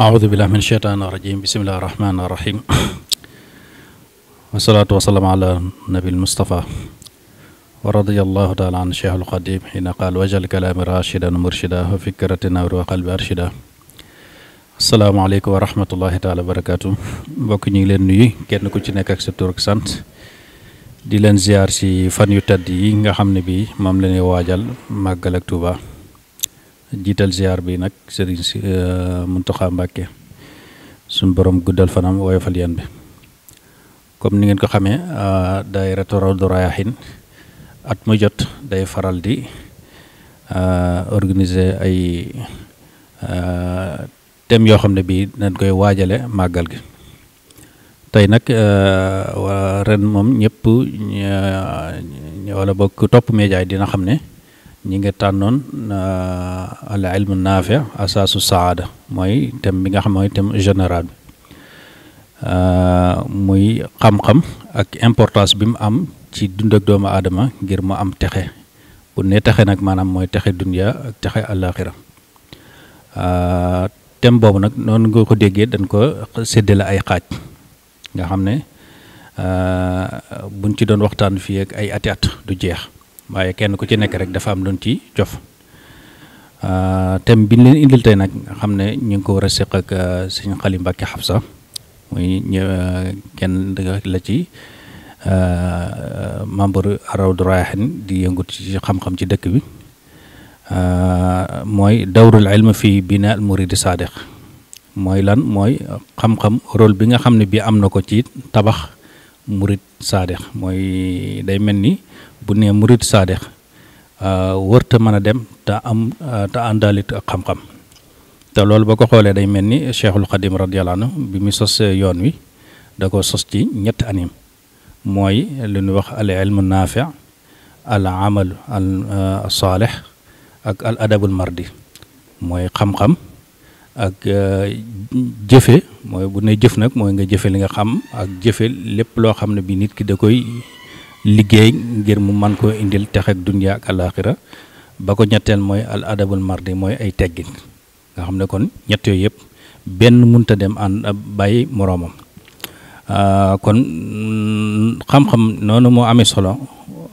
ahoudubillah min sheytaan irajim bisimillahi rahmani irahim wasalatu wasalaam ala nabil mustapha wa radiallahu taala an cheikh alqadim xina qaal wajal kalaami rachidan murshida wa fikrati nawri wa qalbi arshida asalaamaaleykum wa rahmatullahi taala wa barakatu mbokk ñu ngi leen nuyu kenn ku ci nekk ak sa tur ak sant di leen ziar si fan yu tedd yi nga xam ne bi moom la ñuy waajal màggal ak Tuuba jiital ziar bi nag Serigne si euh, Mountakha Mbacké suñ borom guddal fanam woyofal yan bi comme ni ngeen ko xamee day retoral du rayaxin at mu jot day faral di organiser ay thèmes yoo xam ne bi dañ koy waajale màggal gi tey nag ren moom ñëpp wala bokk topp média dina xam ne ñi nga tànnoon euh, al ilmu naafi asaasu saada mooy thème bi nga xam mooy thème général bi euh, muy xam-xam ak importance bi mu am ci dund doomu aadama ngir mu am texe bu ne texe nag maanaam mooy texe dunya ak texe àllaaxira euh, thème boobu nag noon nga ko déggee dañ ko séddale ay xaaj nga xam ne buñ ci doon waxtaan fii ak ay ati at du jeex waaye kenn ku ci nekk rek dafa am luñ ci cof euh, thème bi ñu leen indil nag nga xam ne ñu ngi ko war a seq ak euh, sëñ Xali Mbàkke Xabsa muy euh, kenn la ci membre Rawdu Rayaahiin di yëngu ci ci dëkk bi mooy dawrul ilm fii binaa al muridi saadiq mooy lan mooy xam-xam rôle bi nga xam ne bii am na ko ci tabax murid saadiq mooy day mel ni bu nee murid saadix euh, wërta mën a dem te am euh, te àndaalit ak xam-xam te loolu boo ko xoolee day mel ni cheikhul xadim radiyallahu anhu bi mu sos euh, yoon wi da ko sos ci ñetti anim mooy li ñuy wax al ilmu naafi al amal al saalih ak al adabul mardi mooy xam-xam ak jëfe mooy bu ne jëf nag mooy nga jëfe li nga xam ak jëfe lépp loo xam ne bi nit ki da koy liggéey ngir mu man koo indil texek dunya ak alaaxira ba ko ñetteel mooy al adabul mardi mooy ay teggin nga xam ne kon ñett yooyu yëpp benn munta dem ànd bàyyi moroomam ah, kon mm, xam-xam noonu moo amee solo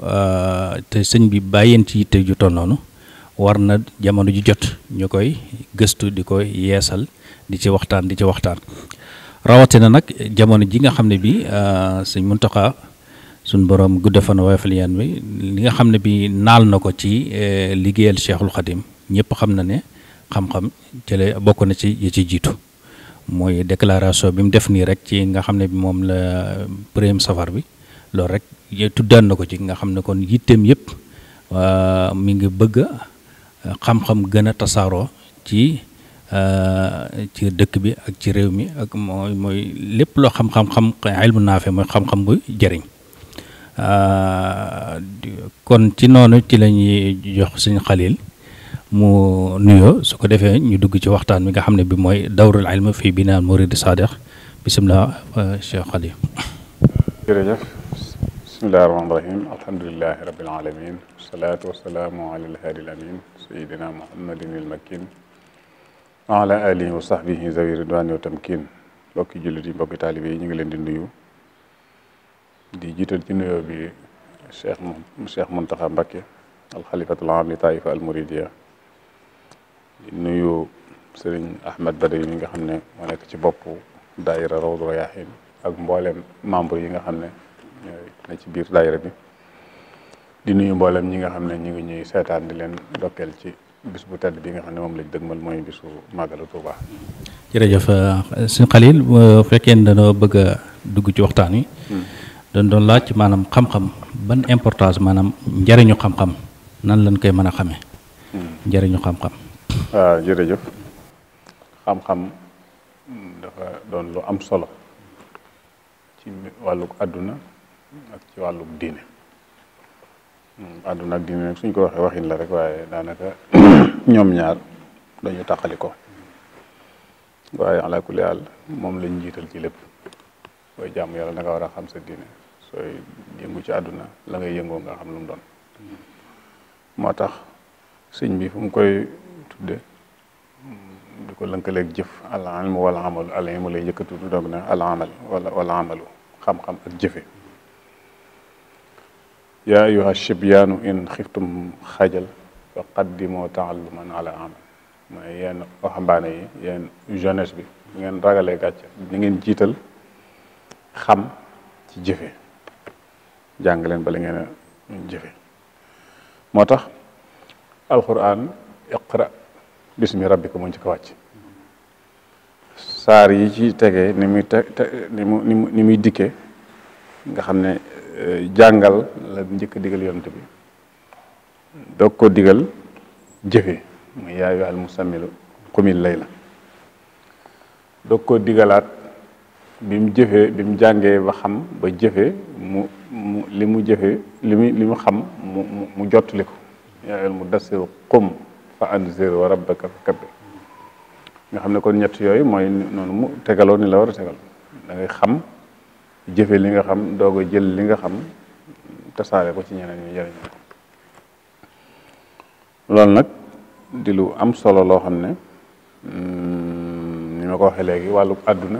ah, te sëñ bi bàyyeen ci yitte ju toll noonu war na jamono ji jot ñu koy gëstu di ko yeesal di ci waxtaan di ci waxtaan rawatina nag jamono ji nga xam ne bi ah, sëñ Muntaxa suñ borom gudde fan woyofal yan bi li nga xam ne bi naal na ko ci eh, liggéeyal Cheikhul Khadim ñëpp xam na ne xam-xam ci bokk na ci yi ci jiitu mooy déclaration bi mu def nii rek ci nga xam ne bi moom la premier safar bi loolu rek tuddaan na ko ci nga xam ne kon yitteem yëpp mi ngi bëgg xam-xam gën a tasaaroo ci eh, ci dëkk bi ak ci réew mi ak mooy mooy lépp loo xam-xam xam ilmu naafe bu jëriñ Euh, kon ci noonu ci la ñuy jox suñu xalil mu nuyoo su ko defee ñu dugg ci waxtaan bi nga xam ne bi mooy dawrul ilm fii binaa murid sadiq bisimilah euh, Cheikh Xalil. jërëjëf bisimilah rahmaani rahiim alhamdulilahi rabil alamin wasalaatu wasalaamu ala alhaadi alamin sayidina muhammadin ilmakin ñu ngi leen di nuyu di jiital ci nuyoo bi cheikh cheikh Muntaxa Mbakke alxalifatul am li taifa al muridiya di nuyu sëriñ Ahmed Badawi mi nga xam ne moo nekk ci bopp daayira Rawdu Rayaahiin ak mboolem membre yi nga xam ne ñooy ne ci biir daayira bi di nuyu mboolem ñi nga xam ne ñu ngi ñuy seetaan di leen dokkeel ci bis bu tedd bi nga xam ne moom lañ dëgmal mooy bisu màggalu Tuuba. jërëjëf euh, sëñ Xalil bu fekkee ne dañoo bëgg a dugg ci waxtaan wi. Hmm. dañ doon laaj maanaam xam-xam ban importance maanaam njariñu xam-xam nan lañ koy mën a xame njariñu xam-xam waaw ah, jërëjëf xam-xam dafa doon lu am solo ci wàlluk àdduna ak ci wàlluk diine àdduna ak diine nag suñ ko waxee waxin la rek waaye daanaka ñoom ñaar dañu tàqali ko waaye alaa kulli moom lañ jiital ci lépp booy jàmm yàlla da nga war a xam sa diine sooy yëngu ci àdduna la ngay yëngoo nga xam lu mu doon moo tax sëñ bi fu mu koy tudde di ko lënkaleeg jëf al ilmu wal amalu al ilmu lay njëkk a tudd doog na al amal wala wal amalu xam-xam ak jëfe yaa ayuha shibyaanu in xiftum xajal fa qaddimoo taalluman ala amal mooy yeen waxambaane yi yeen jeunesse bi ngeen ragalee gàcce ñi ngeen jiital xam ci jëfe jàng leen bala ngeen jëfe moo tax alquran iqra bismi rabbika moo ci ko wàcc saar yi ci tege ni muy te ni mu ni muy dikkee nga xam ne eh, jàngal la njëkk digal yonent bi doog koo digal jëfe muy yaayu al musamilu qumil layla doog ko digalaat bi mu jëfee bi mu jàngee ba xam ba jëfee mu mu li mu jëfee li mu li mu xam mu mu mu jottali ko yaayal mu dasir qum fa anzir wa rabbaka fa kabbir nga xam ne kon ñett yooyu mooy noonu mu tegaloo ni la war a tegal dangay xam jëfe li nga xam doog jël li nga xam tasaare ko ci ñeneen yi jëriñoo loolu nag di lu am solo loo xam ne mm, ni ma ko waxee léegi wàlluk àdduna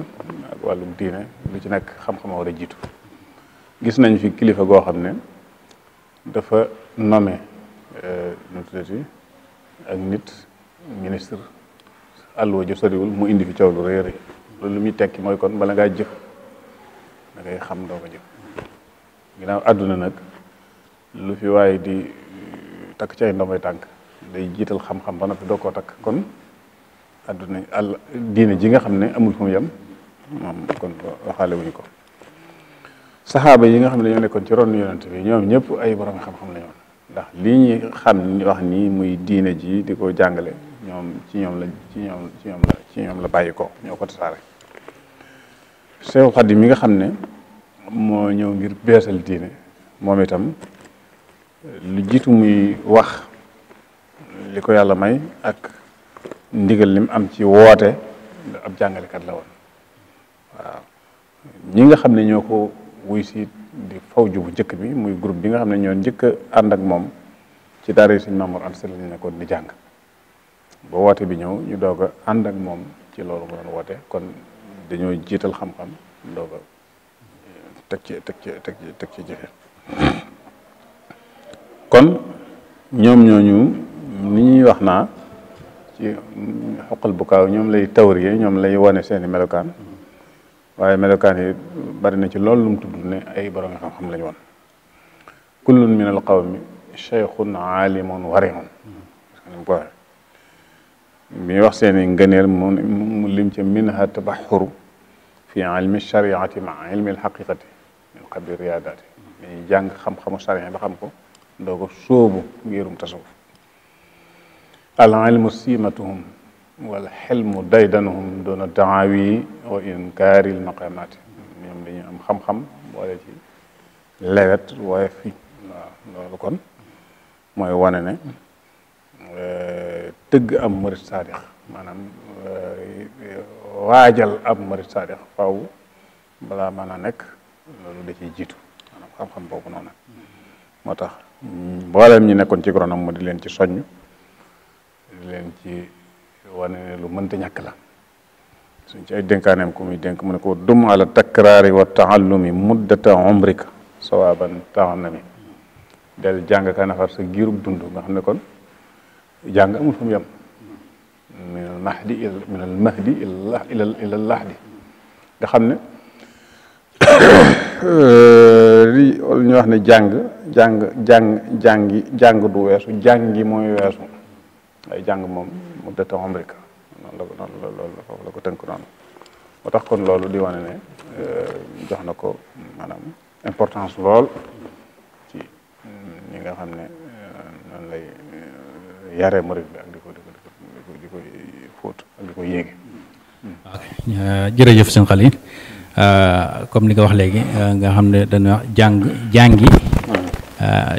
ak wàllum diine lu ci nekk xam-xam war a jiitu gis nañ fi kilifa goo xam ne dafa nome euh, nu tuddati ak nit ministre àlluwa ju soriwul mu indi fi caw lu rëy a rëy loolu lu muy tekki mooy kon bala ngaa jëf da xam doo ko jëf ginnaaw àdduna nag lu fi di takk ci ay tànk day jiital xam-xam ba noppi doo koo takk kon àdduna àll diine ji nga xam ne amul fu mu yem moom kon waxaale wuñu ko saxaaba yi nga xam ne dañoo nekkoon ci ron yonent bi ñoom ñëpp ay borom xam-xam la ñu woon ndax lii ñuy xam wax nii muy diine ji di ko jàngale ñoom ci ñoom la ci ci ci ñoom la bàyyi ko ñoo ko tasaare Seexul Xadiim mi nga xam ne moo ñëw ngir beesal diine moom itam lu jiitu muy wax li ko yàlla may ak ndigal lim am ci woote ab jàngalekat la woon waaw ñi nga xam ne ñoo ko wuy si di faw ju njëkk bi muy groupe bi nga xam ne ñoo njëkk a ànd ak moom ci daara Sëriñ Mamoor Anta lañ nekkoon di jàng ba woote bi ñëw ñu doog a ànd ak moom ci loolu mu doon woote kon dañoo jiital xam-xam doog eh, teg ci teg ci teg kon ñoom ñooñu ni ñuy wax naa ci xoqal bu kaaw ñoom lay tawriye ñoom lay wane seeni melokaan waaye melokaan yi bari na ci loolu lu mu tudd ay borom xam-xam lañu woon min al qawmi cheikhun aalimun mi wax seen i ngëneel mu lim ca minha tabaxuru fi ilmi shariati ma ilmi alxaqiqati min qabli riyaadaati dañuy jàng xam-xamu sharia ba xam ko doo ko sóobu ngirum tasawuf al ilmu siimatuhum والحلم ديدنهم دون الدعاوي وإنكار المقامات ñoom dañuy am xam-xam boole ci lewet wooye fi loolu kon mooy wane ne euh, tëgg am murit saadix maanaam euh, waajal ab murit saadix faw balaa mën nekk loolu da ci jiitu maanaam xam-xam boobu noonu moo tax mboolem ñi nekkoon ci gronam mu di leen ci soññ leen ci wane ne lu mënta ñàkk la suñ ci ay dénkaaneem ku muy dénk mu ne ko dum ala takraari wa taallumi muddata umrika sawaaban taanami del jàng ka nafar sa giirub dund nga xam ne kon jàng amul fu mu yem min al mahdi min al mahdi ila lahdi nga xam ne li ñu wax ne jàng jàng jàng jàngi jàng du weesu jàngi mooy weesu ay jàng moom muddata umrika noonu la ko o la loolu ko tënk noonu moo tax kon loolu di wane ne euh, na ko maanaam importance lool ci nga xam ne euh, noonu lay euh, yaree murid bi ak di ko di ko di ko ko fóot ak di ko yéege jërëjëf sëñ Xalil comme li nga wax léegi nga xam ne dañuy wax jàng jàngi hmm.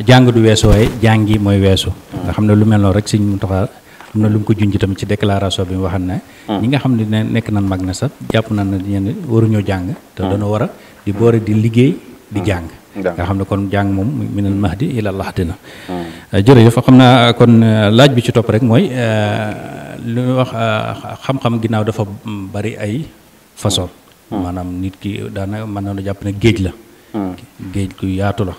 jàng du weesu waaye jàngi mooy weesu nga xam ne lu mel noonu rek sëñ Muntaxa am na lu mu ko junj tamit ci déclaration bi mu waxan ne hmm. ñi nga xam ne ne nekk nan mag na sax jàpp na ne ñenn waruñoo jàng te hmm. war a di boore di liggéey di hmm. jàng nga xam ne kon jàng moom max di mahdi ila lahdina euh, jërëjëf xam naa kon euh, laaj bi ci topp rek mooy euh, lu ñuy wax xam-xam ginnaaw dafa bari ay façon maanaam nit ki daana mën na jàpp ne géej la géej ku yaatu la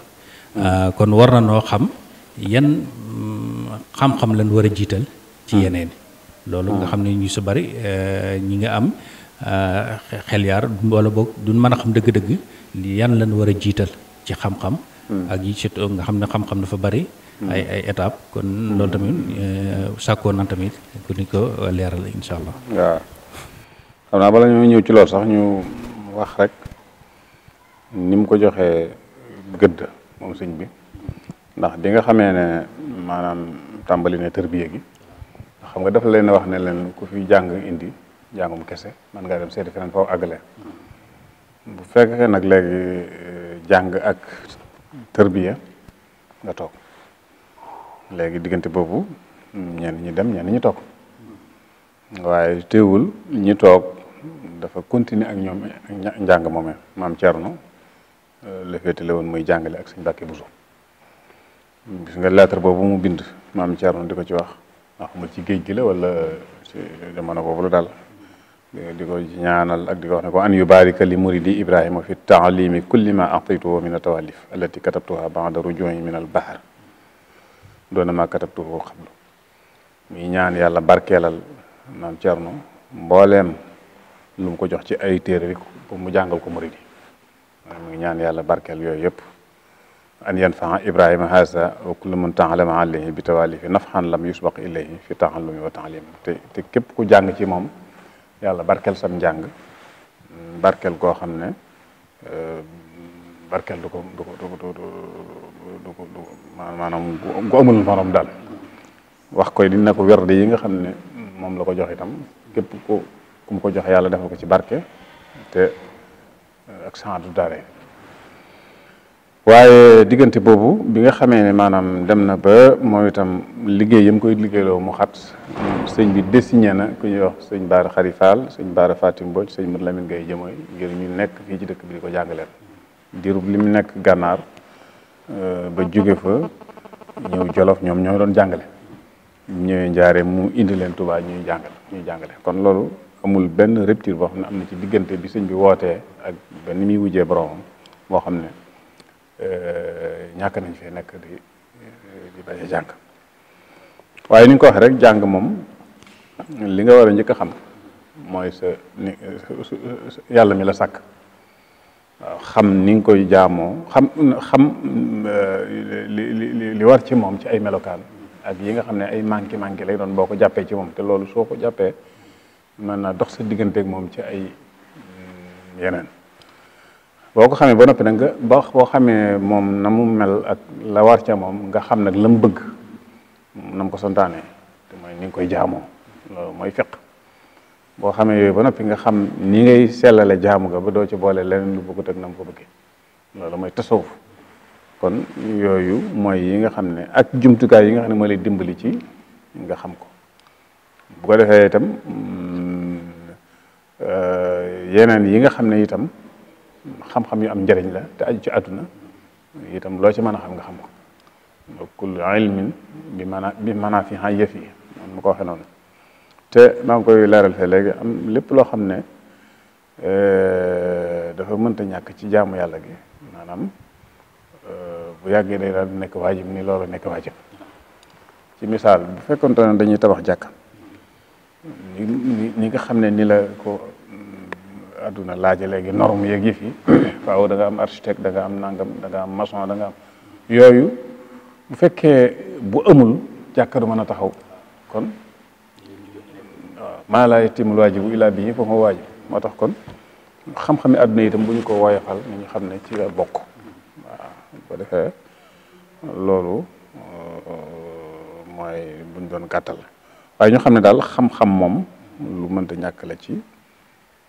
kon war na noo xam yan mm, xam-xam lañ war a jiital ci hmm. yeneen loolu nga hmm. xam ne ñu sa bari eh, ñi nga am eh, xel yaar wala boog duñ mën a xam dëgg-dëgg yan lañ war a jiital ci xam-xam hmm. ak yi ci nga xam ne xam-xam dafa bari ay ay étape kon loolu tamit eh, sàkkoo nan tamit ku ni ko leeral insha allah waaw xam naa bala ñu ñëw ci loolu sax ñu wax rek ni ko joxee gëdd moom sëñ bi ndax di nga xamee ne maanaam tàmbali ne tërbiye gi xam nga dafa leen wax ne leen ku fi jàng indi jàngum kese man ngaa dem seeti feneen foo àggale bu nag léegi eh, jàng ak tërbiya nga toog léegi diggante boobu ñenn ñi dem ñenn ñi toog waaye teewul ñi toog dafa continuer ak ñoom njàng moomee maam Thierno eh, la féetale woon muy jàngale ak suñ Mbàkke so gis nga lettre boobu mu bind maam Thierno di ko ci wax waaw ah, xamul ci géej gi la wala ci jamono boobu la daal di ko ñaanal ak di ko wax ne ko an yubarika li muridi ibrahima fi taalimi kulli ma ataytuhu min atawalif allati katabtuha ba'da ruju'i min al bahr doona ma katabtuhu qablu muy ñaan yàlla barkeelal maam Cerno mbooleem lu mu ko jox ci ay téere rek mu jàngal ko muridi mu ngi ñaan yàlla barkeel yooyu yëpp an yanfaa ibrahima a wa kullu man taalama alayhi bi tawaalifi nafxan lam yusbaq ilayhi fi taalumi wa taalim te te képp ku jàng ci moom yàlla barkeel sam njàng barkeel goo xam ne euh, barkeel du ko du ko du ko du ko maanaam gu amul morom daal wax koy dina ko werde yi nga xam ne moom la ko jox itam képp ku ku ko jox yàlla defal ko ci barke te euh, ak sant du dara waaye diggante boobu bi nga xamee ne maanaam dem na ba moom itam liggéey yam koy liggéeyloo mu xat sëñ bi désigné na ku ñuy wax sëñ Baara Xari Fall sëñ Baara Fatim Mbodj sëñ Mër Lamine Gaye jëmooy ngir ñu nekk fii ci dëkk bi di ko jàngaleen diirub li mu nekk gànnaar euh, ba jóge fa ñëw jolof ñoom ñoo doon jàngale ñëwee njaaree mu indi leen Tuubaa ñuy jàngale ñuy jàngale kon loolu amul benn rupture boo xam ne am na ci diggante bi sëñ bi wootee ak ba ni muy wujjee boromam boo xam ne ñàkk nañ fee nekk di di bañ a jàng waaye ni nga ko waxee rek jàng moom li nga war a njëkk a xam mooy sa yàlla mi la sàkk xam ni nga koy jaamoo xam xam eh, li li li war ci moom ci ay melokaan ak yi nga xam ne ay manqué manqué lay doon boo ko jàppee ci moom te loolu soo ko jàppee mën naa dox sa digganteeg moom ci ay mm, yeneen boo ko xamee ba noppi nag nga ba boo xamee moom na mu mel ak la war ca moom nga xam nag la mu bëgg na ko santaane te mooy ni koy jaamoo loolu mooy fiq boo xamee yooyu ba noppi nga xam ni ngay sellale jaamu ga ba doo ci boole leneen lu bëggut ak na ko bëgge loolu mooy tasawuf kon yooyu mooy yi nga xam ne ak jumtukaay yi nga xam ne moo lay dimbali ci nga xam ko bu ko defee itam mm, euh, yeneen yi nga xam ne itam xam-xam yu am njariñ la te aju ci àdduna itam loo ci mën a xam nga xam ko wa kullu ilmin bi mana bi mana fi xan yëf yi moom ko waxee noonu te maa ngi koy leeral fee léegi am lépp loo xam ne e, dafa mënta ñàkk ci jaamu yàlla gi maanaam e, bu yàggee day daal nekk waajib ni loolu nekk waajib ci misaal bu fekkonte ne dañuy tabax jàkk ni ni nga xam ne ni la ko àdduna laaj léegi norme yeeg yëf yi hmm. faaw da nga am architecte da nga am nangam danga am maçon danga am yooyu bu fekkee bu amul jàkka du mën a taxaw kon waaw maa laa yatimul waajibu illaa bihi fa huwa waajib moo tax kon xam-xami àdduna itam bu ñu ko woyofal ni ñu xam ne ci la bokk waaw mooy buñ doon gàttal waaye ñu xam ne daal xam-xam moom lu mënta ñàkk la ci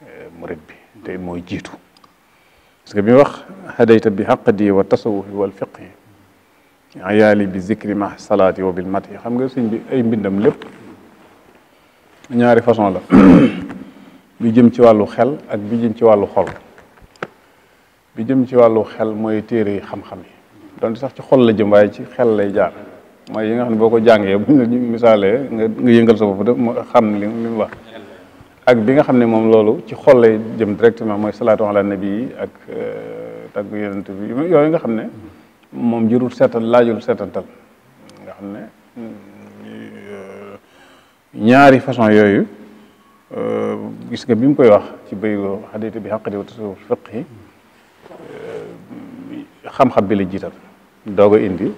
Euh, murid bi te mooy jiitu parce que bi wax hadayta bi xaqdi wa tasawufi wal fiqhi ayaali bi zikri ma bi wa bil mati xam nga sëñ bi ay mbindam lépp ñaari façon la bi jëm ci wàllu xel ak bi jëm ci wàllu xol bi jëm ci wàllu xel mooy téere yi xam-xam yi donte sax ci xol la jëm waaye ci xel lay jaar mooy yi nga xam ne boo ko jàngee bu la misaalee nga yëngal sa bopp de xam li mu wax ak bi nga xam ne moom loolu ci xol lay jëm directement mooy salaatu ala nabi yi ak euh, tagg yonent bi yooyu nga xam ne moom jurul seetal laajul seetantal nga xam ne mm, ñaari façon yooyu euh, gis nga bi mu koy wax ci béyu bi xaqati wa euh, xam-xam bi la jiital doog indi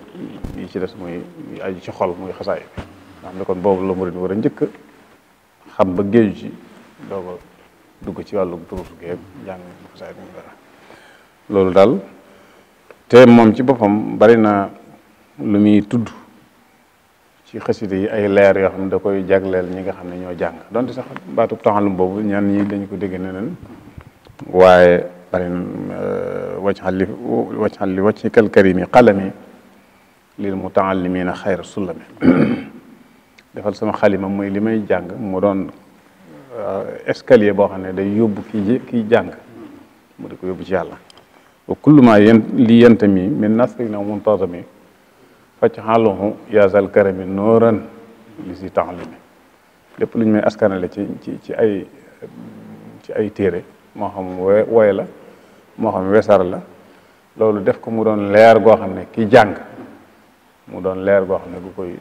yi ci des muy aju ci xol muy xasaay bi nga xam ne kon boobu la murid war a njëkk xam ba géeju ci doog dugg ci wàllu durusu geeg loolu daal te moom ci boppam bari na lu muy tudd ci xasida yi ay leer yoo xam ne da koy jagleel ñi nga xam ne ñoo jàng donte sax baatub taxalum boobu ñaan ñi dañu ko dégg neneen waaye bari na euh, waccal li waccal li waccikal karimi xalami lil a xayra sullami defal sama xalima mooy li may jàng mu doon Euh, escalier boo xam ne day yóbbu kii kii jàng mu di ko yóbbu ci yàlla wa kullu ma yen li yentami min nasri na mun tasami facc xàlluhu yaasal karami nooran li si taalimi lépp lu ñu may askanale ci ci ci ay ci ay téere moo la moo xam wesar la loolu def ko mu doon leer goo xam ne ki jàng mu doon leer goo xam ne gu koy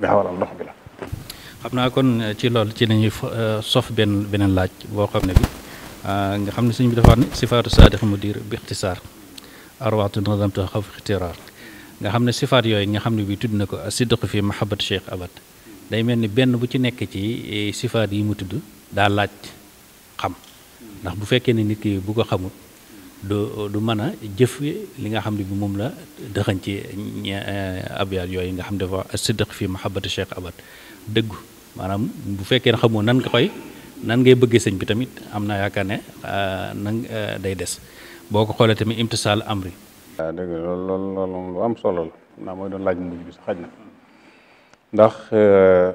gaawalal dox bi la xam naa kon eh, ci loolu ci nañuy eh, sof benn beneen laaj boo xam ne bi eh, nga xam ne suñ bi dafa wax ne sifaatu saadix mudir bi ixtisaar arwaatu nadamta xaw nga xam ne sifaat yooyu nga xam ne bi tudd na ko sidq fi mahabat cheikh abad day mel ni benn bu ci nekk ci sifaat yi mu tudd daa laaj xam ndax bu fekkee ne nit ki bu ko xamul du du mën a jëf li nga xam ne bi moom la dëxañ ci abyaat yooyu nga xam ne dafa sidq fi mahabati cheikh abad dëggu maanaam bu fekkee ne xamoo nan nga koy nan ngay bëggee sëñ bi tamit am naa yaakaar ne euh, nan euh, day des boo ko xoolee tamit imtisaal amri. waaw dëgg loolu am solo la naa mooy doon laaj mujj bi sax xaj na ndax euh,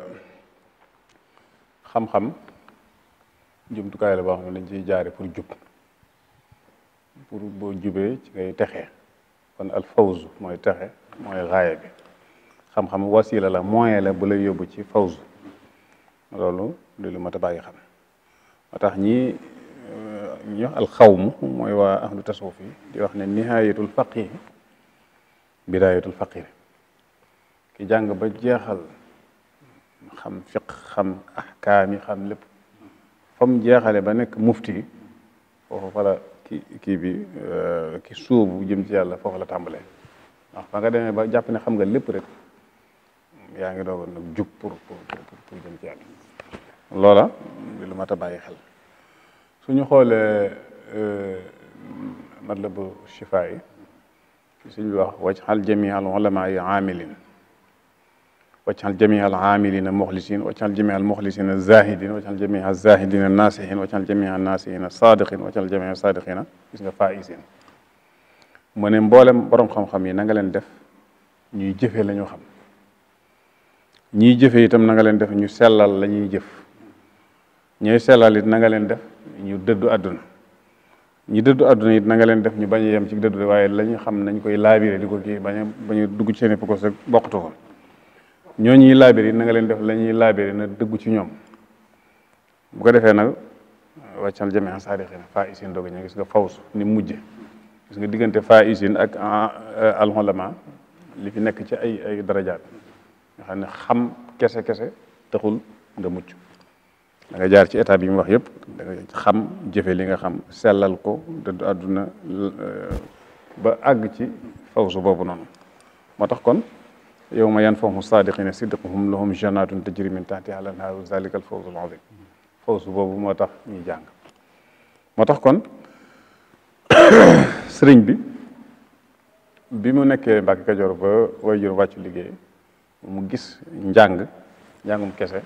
xam-xam jumtukaay la boo xam ne dañ ciy jaare pour jub pour boo jubee ci ngay texe kon al fawzu mooy texe mooy raaya bi xam-xam wasila la moyen la bu lay yóbbu ci fawzu loolu lu lu mat a moo tax ñi ñuy wax mooy waa ahlu tasawuf yi di wax ne nihayatul faqih bidayatul faqir ki jàng ba jeexal xam fiq xam ahkaam xam lépp fa mu jeexale ba nekk mufti foofu fa la ki kii bi euh, ki suubu jëm ci yàlla foofu la tàmbalee ndax fa nga ba jàpp ne xam nga lépp rek yaa ngi doogoon nag jub pour pour pour jëm ci yàlla loola lu mat a bàyyi xel suñu xoolee euh, matlabu shifa yi suñ wax wajxal jamial ulama yi amilin wajxal jamial amilina muxlisin wajxal jamial muxlisina zahidin wajxal jamial zahidina nasihin wajxal jamial nasihina sadiqin wajxal jamial sadiqina gis nga faisin mu ne mboolem borom xam-xam yi na nga leen def ñuy jëfee la ñu xam ñii jëfe itam nanga leen def ñu sellal la ñuy jëf ñooy sellal it na leen def ñu dëddu àdduna ñu dëddu àdduna it na nga leen def ñu bañ a yem ci dëddu waaye la ñu xam nañ koy laabire di ko kii bañ a bañ a dugg ci seen ko sa bokkatu ko ñoo ñuy laabire it na leen def lañuy ñuy laabire na dëggu ci ñoom bu ko defee nag wàccal jame en saadixina faa isin doog ña gis nga faws ni mujje gis nga diggante faa isin ak ah, alxolama li fi nekk ci ay ay darajaat xam ne xam kese kese taxul nga mucc da jaar ci étape yi mu wax yëpp da xam jëfe li nga xam sellal ko dëddu àdduna euh, ba àgg ci fawsu boobu noonu moo tax kon yow yan fahum saadiqina sidquhum lahum jannatun tajri min tahtiha al-anhaaru zalika al-fawzu al-azim fawsu boobu moo tax ñuy jàng moo tax kon sëriñ bi bi mu nekkee Mbàkke Kajoor ba way jur wàccu liggéey mu gis njàng njàngum kese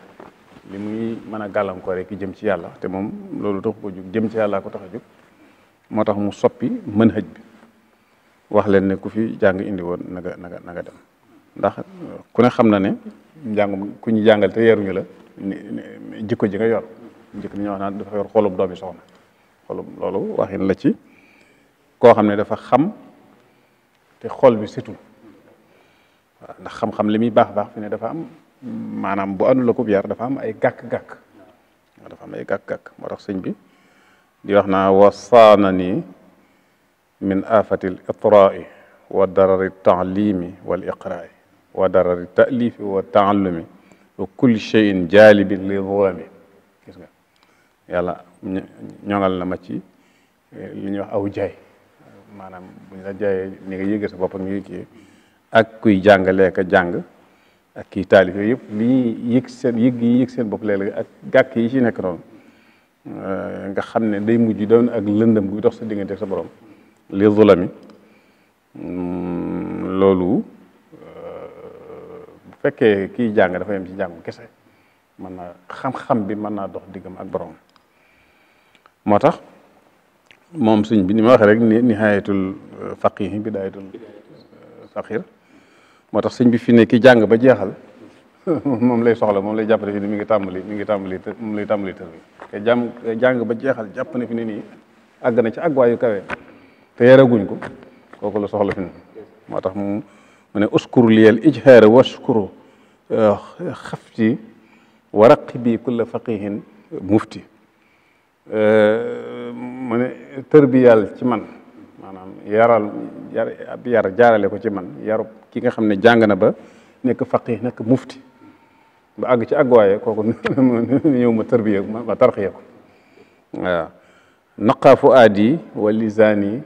li muy mën a gàllankoor ki jëm ci yàlla te moom loolu tax ko jug jëm ci yàlla ko tax a jug moo tax mu soppi mën hëj bi wax leen ne ku fi jàng indi woon na nga na dem ndax ku ne xam na ne njàngum ku ñu jàngal te yeruñu la jikko ji nga yor njëkk ni ñu dafa yor xolub doomi soxna xolub loolu waxin la ci koo xam ne dafa xam te xool bi setul waaw ndax xam-xam li muy baax baax fi ne dafa am maanaam bu àndul akub dafa am ay gàkk-gàkk ay gàkk-gàkk moo tax sëñ bi di wax naa wasaana nii min aafati l itraai wa darari taalimi wal iqraai wa darari taalifi wa taallumi wa kulli cheyin jaalibin li dulami gis nga yàlla ñoŋal na ma ci eh, li ñuy aw jaay maanaam bu ñu la jaayee ni nga yëgee sa bopp ak ngi kii ak kuy jàngalee ka jàng ak kii taalif yëpp li ñuy yëg seen yëg yi yëg seen bopp léeg-léeg ak gàkk yi ci nekk noonu euh, nga xam ne day mujj doon ak lëndëm guy dox sa diggante sa borom li zulami mm, loolu euh, bu fekkee kiy jàng dafa yem ci jàngu kese mën naa xam-xam bi mën naa dox diggam ak borom moo tax moom suñ bi ni ma waxee rek ni nihayatul yi euh, bidayatul faqir moo tax sëñ bi fi ne ki jàng ba jeexal moom lay soxla moom lay jàpp ne fi ne mi ngi tàmbali mu ngi tàmbali moom lay tàmbali tër bi te jàmm jàng ba jeexal jàpp na fi ne nii àgg na ci àgguwaayu kawe te yaraguñ ko kooku la soxla fi moo tax mu mu ne uskuru liyal wa waskuru eh, xafti wa raqibi kulla faqihin mufti eh, mu ne tër bi ci man maanaam yaral yar yar jaarale ko ci man yaru ki nga xam ne jàng na ba nekk faqih nekk mufti ba àgg ci àgguwaaye kooku ñëw ma tarbiya ma tarxiya ko waaw naqa fu aadi wa lisaani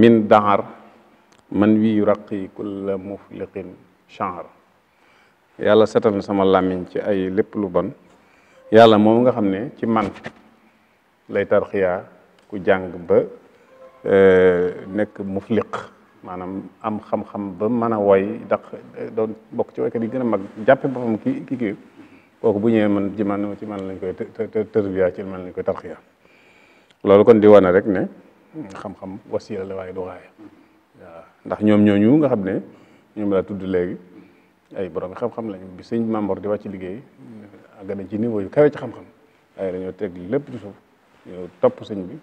min dahar man wi raqi kulla mufliqin chanr yàlla setal na sama làmmiñ ci ay lépp lu bon yàlla moom nga xam ne ci man lay tarxiyaa ku jàng ba Euh, nekk mufliq maanaam am xam-xam ba mën a woy ndax euh, doon bokk ci woykat yi gën a mag jàppe boppam ki ki kii kooku bu ñëwee man ci man ci man lañ koy tërbiya ci man lañ koy tarxiya loolu kon di wane rek ne hmm, xam-xam wasiila waaye du waaye ndax ñoom ñooñu nga xam ne ñoom laa tudd léegi ay borom xam-xam lañ bi sëñ Mamor di wàcc liggéey àgg nañ ci niveau yu kawe ci xam-xam waaye dañoo teg lépp ci suuf ñoo topp sëñ bi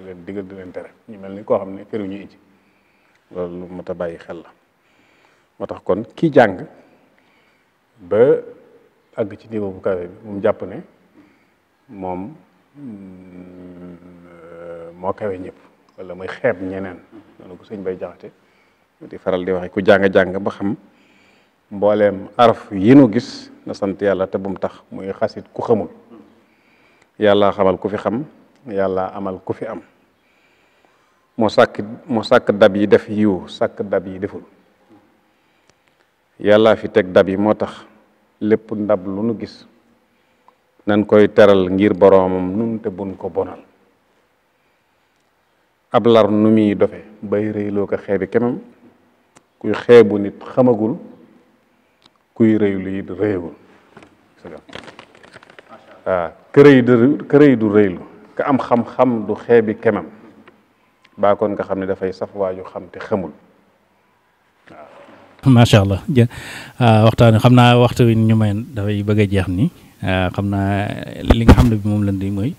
di leen digal di leen tere ñu mel ni koo xam ne këru ñu ijji loolu lu mat a bàyyi xel la moo tax kon kii jàng ba àgg ci niveau bu kawe bi moom jàpp ne moom mm, moo kawe ñëpp wala muy xeeb ñeneen noonu ko sëñ bay jaxate di faral di waxe ku jàng-jàng ba xam mbooleem araf yi nu gis na sant yàlla te bu mu tax muy xasit ku xamul yàlla xamal ku fi xam yàlla amal ku fi am mu sàkk mu sàkk dab yi def yiw sàkk dab yi deful yàlla fi teg dab yi moo tax lépp ndab lu nu gis nan koy teral ngir boroomam nun te bun ko bonal ab lar nu muy dofe bay rëyloo ko xeebi kemam kuy xeebu nit xamagul kuy rëylu it rëyagul waaw ah, kërëy du kërëy du rëylu am xam-xam du xeebi kemam baa kon nga xam ne dafay saf waaju xam te xamul waaw macha allah ah, waxtaan xam naa waxtu wi ñu may dafay bëgg jeex ni ah, xam naa li nga xam ne bi moom lan di mooy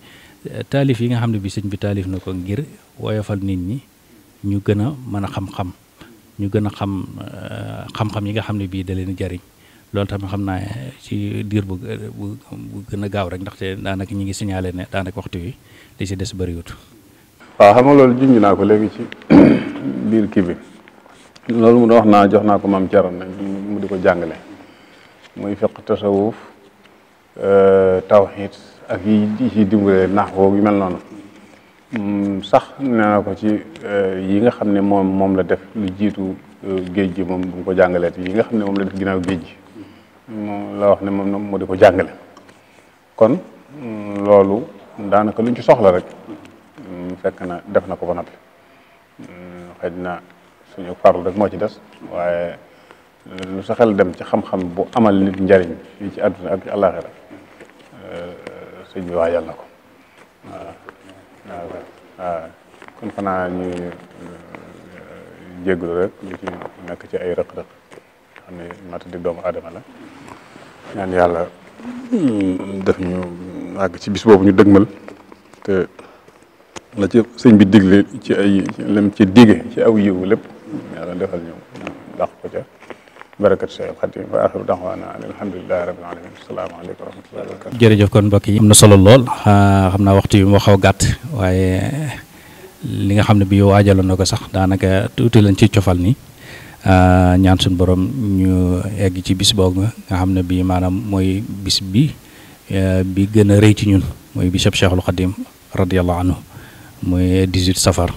eh, taalif yi nga xam ne bi sëñ bi taalif na ko ngir woyofal nit ñi ñu gën a mën a xam-xam ñu gën a xam eh, xam-xam yi nga xam ne bii da leen jariñ loolu tamit xam naa ci diir bu bu gën a gaaw rek ndaxte daanaka ñu ngi signalé ne daanaka waxtu wi li si des bëriwut. waaw xam nga loolu junj naa ko léegi ci biir kii bi loolu mu wax naa jox naa ko maam Thierno mu di ko jàngale muy fiq tasawuf euh, tawxiid ak yi yi ciy dimbale naax boobu mel noonu. Mm, sax nee na ko ci euh, yi nga xam ne moom moom la def lu jiitu euh, géej gi moom bu mu ko jàngalee yi nga xam ne moom la def ginaaw géej gi moom la wax ne moom moo di ko jàngale kon loolu daanaka luñ ci soxla rek mu mm, fekk na def na ko ba noppi mm, xaj na suñu farlu rek moo ci des waaye lu sa xel dem ci xam-xam bu amal nit njariñ fii ci àdduna ak ci àllaaxira euh, sëñ bi waajal na ko waaw waaw kon xanaa ñu euh, jégglu rek lu ci nekk ci ay rëq-rëq xam ne mata di doomu aadama la ñaan yàlla mm, def ñu àgg ci bis boobu ñu dëgmal te la ci sëñ bi digle ci ay lam ci dige ci aw yiwu lépp yàlla defal ñu dàq ko ca barakat Cheikh Khadim wa axiru daxwaana alhamdulilahi rabbil alamin asalaamaaleykum wa rahmatullahi wa barakatu jërëjëf kon mbokk yi am na solo lool xam naa waxtu yi moo xaw gàtt waaye li nga xam ne bi waajaloon na ko sax daanaka tuuti lañ ci cofal nii Euh, ñaan suñu borom ñu egg ci bis boobu nga xam ne bii maanaam mooy bis bi euh, bi gën a rëy ci ñun mooy bisab Cheikhul Khadim radiyallahu anhu mooy 18 safar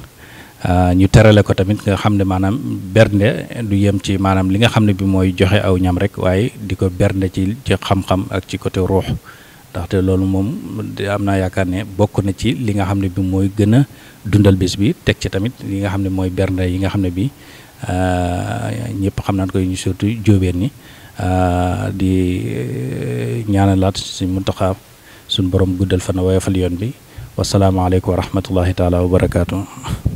euh, ñu terale ko tamit nga xam ne maanaam bernde du yem ci maanaam li nga xam ne bi mooy joxe aw ñam rek waaye di ko bernde ci ci xam-xam ak ci côté ruux ndaxte loolu moom am naa yaakaar ne bokk na ci li nga xam ne bi mooy gën a dundal bés bi teg ci tamit li nga xam ne mooy bernde yi nga xam ne bi Euh, ñëpp xam nañ ko ñu surtout jóobeen ni euh, di euh, ñaanalaat suñ Muntaxa suñ borom guddal fan woyofal yoon bi wasalaamaaleykum wa rahmatullahi taala wa